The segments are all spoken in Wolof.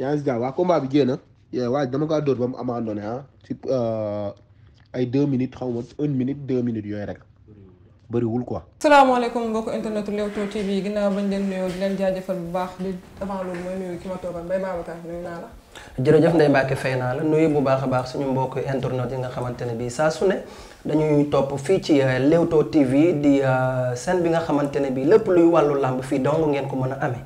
yaa ngi si jàmm waa combat bi génn eh, waaye dama kaa dóor ba mu abandonné ah ci euh, ay deux minutes xaw ma une minute deux minutes yooyu rek bëriwul ko salaamaaleykum mbokki internet Leewtoo TV ginnaaw leen leen jaajëfal bu baax di avant ki ma toogal Mbaye Babacar nuyu naa jërëjëf Ndeye Mbacke fay naa la nuyu bu baax a baax suñu mbokk internet yi nga xamante ne bii saa su ne dañuy topp fii ci euh, Leewtoo TV di euh, seen bi nga xamante ne bii lépp luy wàllu làmb fii dong ngeen ko mën a amee.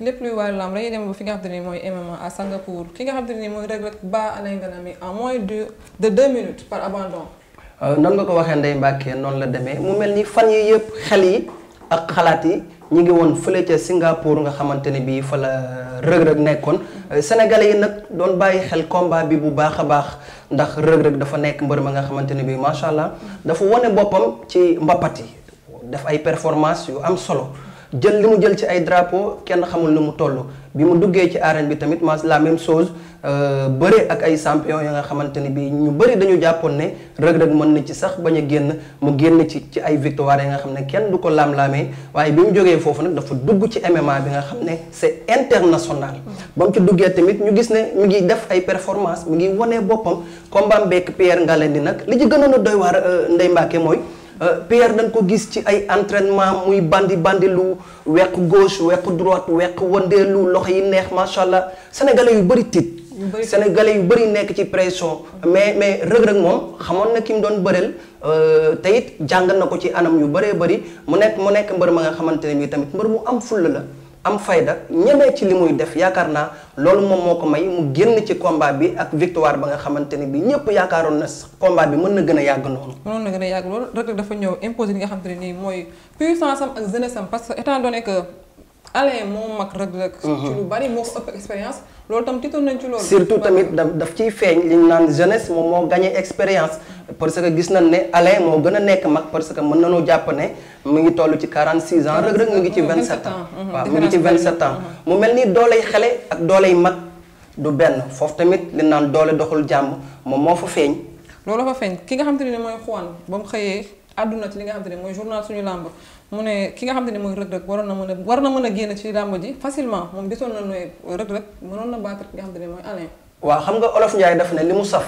lépp luy wàllu lamb dañuy dem ba fi nga mooy MMA à Singapour ki nga xam ne mooy Reug Reug ba Alain Ngalami en moins de de deux minutes par abandon. Euh, noonu nga ko waxee Ndeye Mbacke noonu la demee mu mel ni fan yi yëpp xel yi ak xalaat yi ñu ngi woon fële ca Singapour nga xamante ne bii fa la Reug nekkoon euh, sénégalais yi nag doon bàyyi xel combat bi bu baax a baax ndax Reug Reug dafa nekk mbër ma nga xamante ne bii macha allah dafa wane boppam ci mbapat yi def ay performance yu am solo. jël li mu jël ci ay drapo kenn xamul lu mu toll bi mu duggee ci arène bi tamit mas la même chose euh, bëre ak ay champion ya nga xamante ni bi ñu bëri dañu jàppoon ne rëg-rëg mën na ci sax bañ a génn mu génn ci ci ay victoire yi nga xam ne kenn du ko laam-laamee waaye bi mu jógee foofu nag dafa dugg ci MMA bi nga xam ne c'est international ba mu ci duggee tamit ñu gis ne mu ngi def ay performance mu ngi wonee boppam comme combat mbekk Pierre Ngalani nag li ci gënoon a doy waar euh, Ndeye Mbacke mooy Euh, Pierre dañ ko gis ci ay entrainement muy bandi bandi lu weq gauche weq droite weq wëndeelu loxo yi neex macha allah sénégalais yu bëri tiit. sénégalais yu bëri nekk ci pression. mais mais Reug Reug moom xamoon na ki mu doon bëreel euh, te it jàng na ko ci anam yu baree bëri mu nekk mu nekk mbër ma nga xamante ne bii tamit mbër mu am fulla la. am fayda ñemee ci li muy def yaakaar naa loolu moom moo ko may mu génn ci combat bi ak victoire ba nga xamante ne bi ñëpp yaakaaroon na combat bi mën na gën a yàgg noonu. mënoon na gën a yàgg loolu rek dafa ñëw imposer nga xamante ne nii mooy puissance am ak jeunesse am parce que étant donné que. Alain moo mag Reug Reug mhm. ci lu bari moo ko ëpp expérience loolu tam tiitoon nañ ci loolu. surtout tamit daf ciy feeñ li ñu naan jeunesse moom moo gagné expérience. parce que gis nañ ne Alain moo gën a nekk mag parce que mën nañoo jàpp ne mu ngi toll ci 46 ans Reug Reug mu ngi ci 27 ans. Mhm. waaw mu ngi ci 27 ans mhm. mu mel ni dooley xale ak dooley mag du benn foofu tamit li naan doole doxul jàmm moom moo fa feeñ. loolu fa feeñ ki nga xam te ne mooy Juan ba mu xëyee. àdduna ci li nga xam te ne mooy journal suñu làmb mu ne ki nga xam te ne mooy rëg-rëg waroon na mën a war na mën a génn ci làmb ji facilement moom gisoon na ne rëg-rëg mënoon na battre ki nga xam te ne waaw xam nga olof Njaay daf ne li mu saf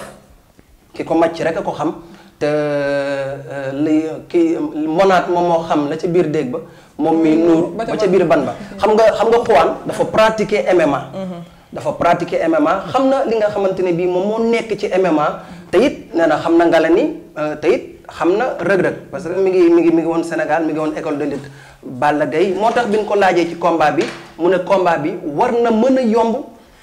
ko màcc rek a ko xam te euh, li ki moom moo xam la ca biir déeg ba moom mi mm-hmm. nuur ba ca biir ban ba mm-hmm. xam nga xam nga xuwaan dafa pratiquer MMA mm-hmm. dafa pratiquer MMA xam na li nga xamante ne bii moom moo nekk ci MMA te it nee na xam na nga la ni euh, xam na rëg-rëg parce que mi ngi mi ngi mi ngi woon Sénégal mi ngi woon école de lutte Balla moo tax bi ñu ko laajee ci combat bi mu ne combat bi war na mën a yomb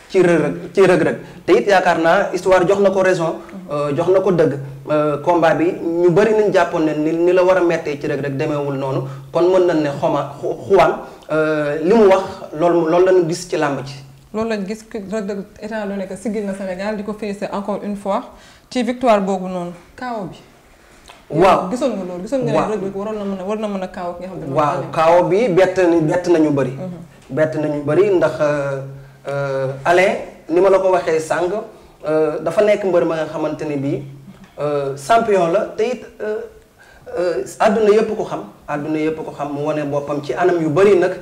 ci rëg-rëg ci rëg-rëg te it yaakaar naa histoire jox na ko raison euh, jox na ko dëgg euh, combat bi ñu bëri nañ jàppoon ne ni ni la war a mettee ci rëg-rëg demeewul noonu kon mën nañ ne xoma xuwaan euh, li mu wax loolu loolu lañu gis ci làmb ci loolu lañ gis rëg-rëg état lu nekk sigil na Sénégal di ko féliciter encore une fois ci victoire boobu noonu kaaw bi waaw gisoon nga loolu gisoon nga ne rek waroon na mën a war na mën a kaaw ak nga ne waaw kaaw bi bett bett nañu bëri mhm. bett nañu bëri ndax euh, euh, Alain ni ma la ko waxee sànq euh, dafa nekk mbër ma nga xamante ni bii champion la te it àdduna yëpp ko xam àdduna yëpp ko xam mu wane boppam ci anam yu bëri nag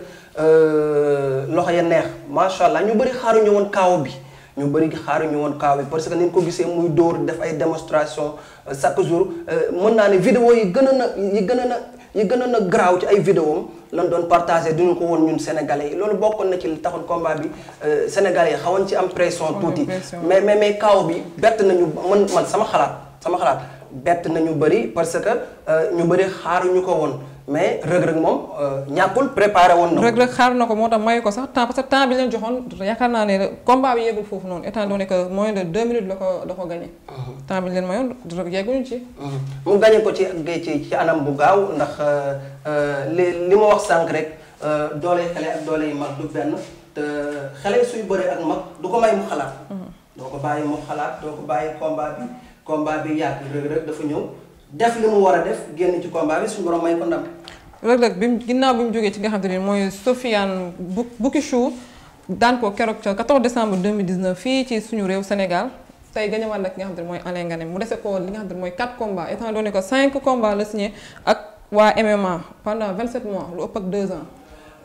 loxo ya neex macha allah ñu bëri xaaruñu woon kaaw bi ñu bëri xaaruñu woon kaaw bi parce que ni ko gisee muy dóor def ay démonstration euh, chaque jour euh, mën naa ne vidéo yi gën a na yi gën a na yi gën a na garaaw ci ay vidéo lan doon partagé duñu ko woon ñun sénégalais yi loolu bokkoon na ci li taxoon combat bi euh, sénégalais yi xawoon ci am pression tuuti mais mais mais kaaw bi bett nañu man man sama xalaat sama xalaat bett nañu bëri parce que ñu bëri xaaruñu ko woon mais rëg-rëg moom euh, ñàkkul préparé woon na. rëg-rëg xaar na ko moo tax mayu ko sax temps parce temps bi leen joxoon yaakaar naa ne combat bi yeggul foofu noonu étant donné que moins de deux minutes mhm. bi leen mayoon rëg yegguñu ci. Mhm. mu gagné ko ci ci ci anam bu gaaw ndax euh, euh, li li ma wax sànq rek doole xale ak doole yi mag du benn te xale suy bëree ak mag du ko may mu xalaat. Mhm. doo ko bàyyi mu xalaat doo ko bàyyi combat bi combat bi yàgg rëg-rëg dafa ñëw def li mu war a def génn ci combat bi suñu borom may Reug Reug bi ginnaaw bi mu jógee ci nga xam te ne mooy Sofiane Boukichou daan ko keroog ca 14 décembre 2019 fii ci suñu réew Sénégal tey gañëwaat nag ki nga xam te ne mooy Alain Ngané mu dese ko li nga xam te ne mooy 4 combats étant donné que 5 combats la signé ak waa MMA pendant 27 mois lu ëpp ak 2 ans.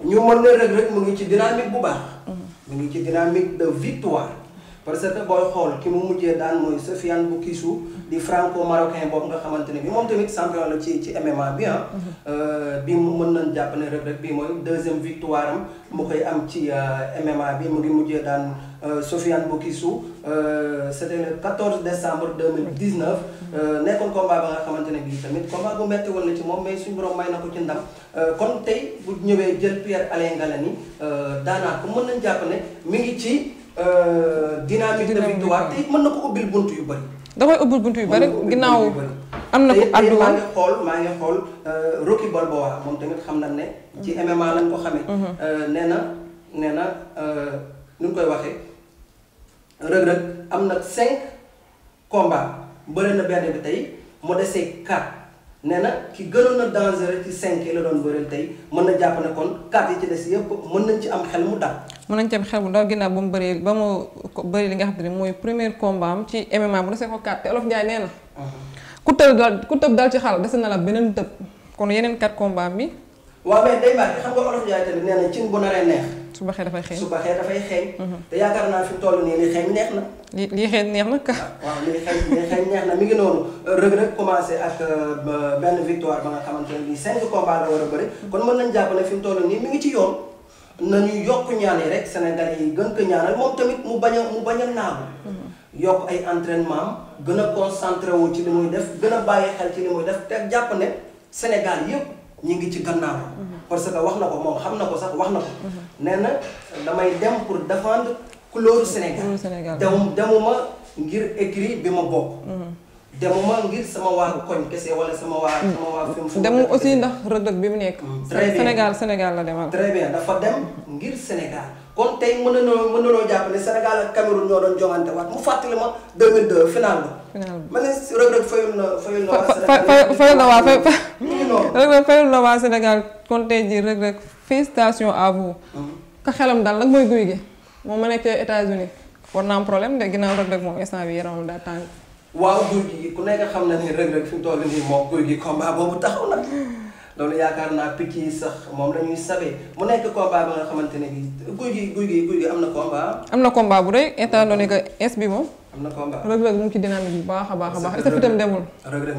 ñu mën ne Reug Reug mu ngi ci dynamique bu baax. mu ngi ci dynamique de victoire. parce que booy xool ki mu mujjee daan mooy Sofiane Boukissou di franco marocain boobu nga xamante ne bi moom tamit champion la ci ci MMA bi ah. euh, bi mu mën nañ jàpp ne rek rek bii mooy deuxième victoire koy am ci euh, MMA bi mu ngi mujjee daan euh, Sofiane Boukissou c'était le 14 décembre 2019. nekkoon combat ba nga xamante ne bii tamit combat bu metti woon na ci moom mais suñu borom may na ko ci ndam kon tey bu ñëwee jël Pierre Alain Ngalani daanaa ko mën nañ jàpp ne mi ngi ci. dynamique de victoire te mën na ko ubbil bunt yu bëri. da koy ubbil bunt yu bëri ginnaaw am na ko addu maa ngi xool maa ngi xool euh, Rocky Balboa moom tamit xam na ne. ci MMA lañ ko xamee. Mm-hmm. Euh, nee na nee na euh, nu ñu koy waxee Reug Reug am na cinq komba bëri na benn bi tey mu desee quatre. nee na ki gënoon a dangereux ci cinq yi la doon bëreel tey mën na jàpp ne kon quatre yi ci des yëpp mën nañ ci am xel mu dal. mën nañ ci am xel mu dal ginnaaw ba mu bëree ba mu bëri li nga xam te ne mooy premier combat am ci MMA bu desee ko quatre te Olof Ndiaye nee uh-huh. ku tëb dal ku tëb dal ci xaal dese na la beneen tëb kon yeneen quatre kombaam bi. waaw mais day baax xam nga Olof Ndiaye tamit nee na cin bu neex. su baxee dafay xeeñ su dafay xeeñ mhm. te yaakaar naa fi toll nii li xeeñ neex na li ah, lii xeeñ neex na ka waaw li xeeñ li xeeñ neex na mi ngi noonu Reug Reug commencé ak euh, benn victoire ba nga xamante ne nii cinq combats la war a bëri mhm. kon mën nañ jàpp ne fi mu toll nii mu ngi ci yoon nañu yokk ñaan yi rek Sénégal yi gën ko ñaanal moom tamit mu bañ mu bañ a naagu mhm. yokk ay entrainement am gën a concentré wu ci li muy def gën a bàyyi xel ci li muy def te jàpp ne Sénégal yëpp ñi ngi ci gannaaw parce que wax na ko moom xam na ko sax wax na ko. Mhm. nee na damay dem pour défendre couleur Sénégal. couleur Sénégal dem demuma ngir écrit bi ma bokk. Mhm. demuma ngir sama waa koñ kese wala sama waa. Mhm. sama waa fi mu aussi ndax rëdd bi mu nekk. très Sénégal Sénégal la demal. très bien dafa dem ngir Sénégal. kon tey mën nañoo mën nañoo jàpp ne Sénégal ak Cameroun ñoo doon jongante waat mu fàttali ma 2002 final na fayul na waa Sénégal na waa Reug Reug fayul na waa Sénégal konte ji Reug Reug félicitations à vous. Mhm. xelam daal nag mooy guy gi moom ma nekkee États-Unis war naa am problème de ginnaaw Reug Reug moom instant bi yaramam daa tàng. waaw guy gi ku nekk xam na ni Reug fi mu toll nii moom guy gi combat boobu taxaw na. loolu yaakaar naa picc yi sax moom la ñuy mu nekk combat ba nga xamante ne guy guy gi guy gi am na combat. am na combat bu rëy état donné que S bi moom. am na combat Reug Reug mu ngi ci dynamique bu baax a baax a baax. est-ce que fi tam demul.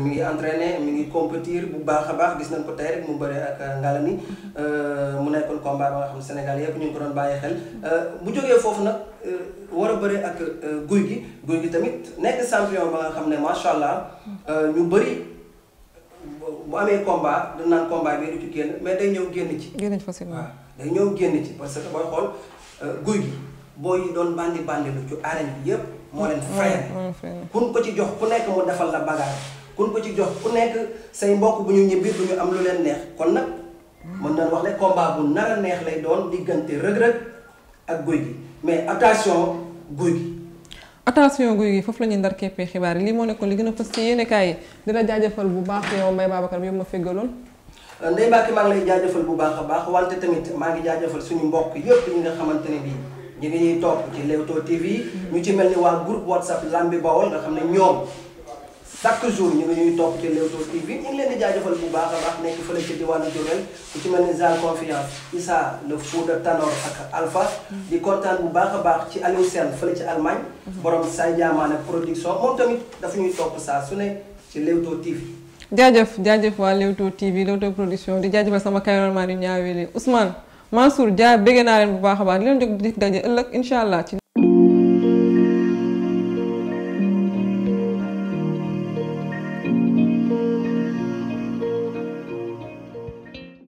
ngi entraîné mi ngi compétir bu baax a baax gis nañ ko tey rek mu bëre ak euh, Ngalani euh, mu nekkoon combat ba nga xam Sénégal yëpp ñu ngi ko doon bàyyi xel euh, bu jógee foofu nag war a bëre ak guy gi guy gi tamit nekk champion ba nga xam ne macha allah ñu bëri. bu amee combat dañ naan combat bi du ci génn mais day ñëw génn ci. génn ci facilement day ñëw génn ci parce que booy xool guy gi yi doon bandi bandi lu ci arène bi yëpp. moo leen mm, mm, mm, fayal kun ko ci jox ku nekk mu defal la bagage kun ko ci jox ku nekk say mbokk bu ñu ñibbi bu ñu am lu leen neex kon nag mën nañ wax ne combat bu nar a neex lay doon diggante rëg-rëg ak guy gi mais attention guy gi attention guy gi foofu la ñuy ndar keppee xibaar yi lii moo nekkoon li gën a fës ci yéenekaay yi di la jaajëfal bu baax yow Mbaye Babacar bi yow ma féggaloon euh, Ndeye Mbacke maa ngi lay jaajëfal bu baax a baax wante tamit maa ngi jaajëfal suñu mbokk yëpp yi nga xamante ne bii ñu ngi ñuy topp ci Leewtoo TV. ñu ci mel ni waa groupe WhatsApp Lambi Bawol nga xam ne ñoom chaque jour ñu ngi ñuy topp ci Leewtoo TV ñu jaajëfal bu baax a baax nekk fële ci diwaanu ci mel ni Zal Confiance Issa le fou de Tanor ak Alpha. di kontaan bu baax a baax ci Aliou Sène fële ci Allemagne. borom Sadio Diamane production moom tamit dafa ñuy topp saa su ne ci Leewtoo TV. jaajëf jaajëf waa Leewtoo TV Leewtoo production di jaajëfal sama cameraman yu ñaawee Ousmane. Mansour Dia bëgg naa leen bu baax a baax di leen jóg daje ëllëg incha allah ci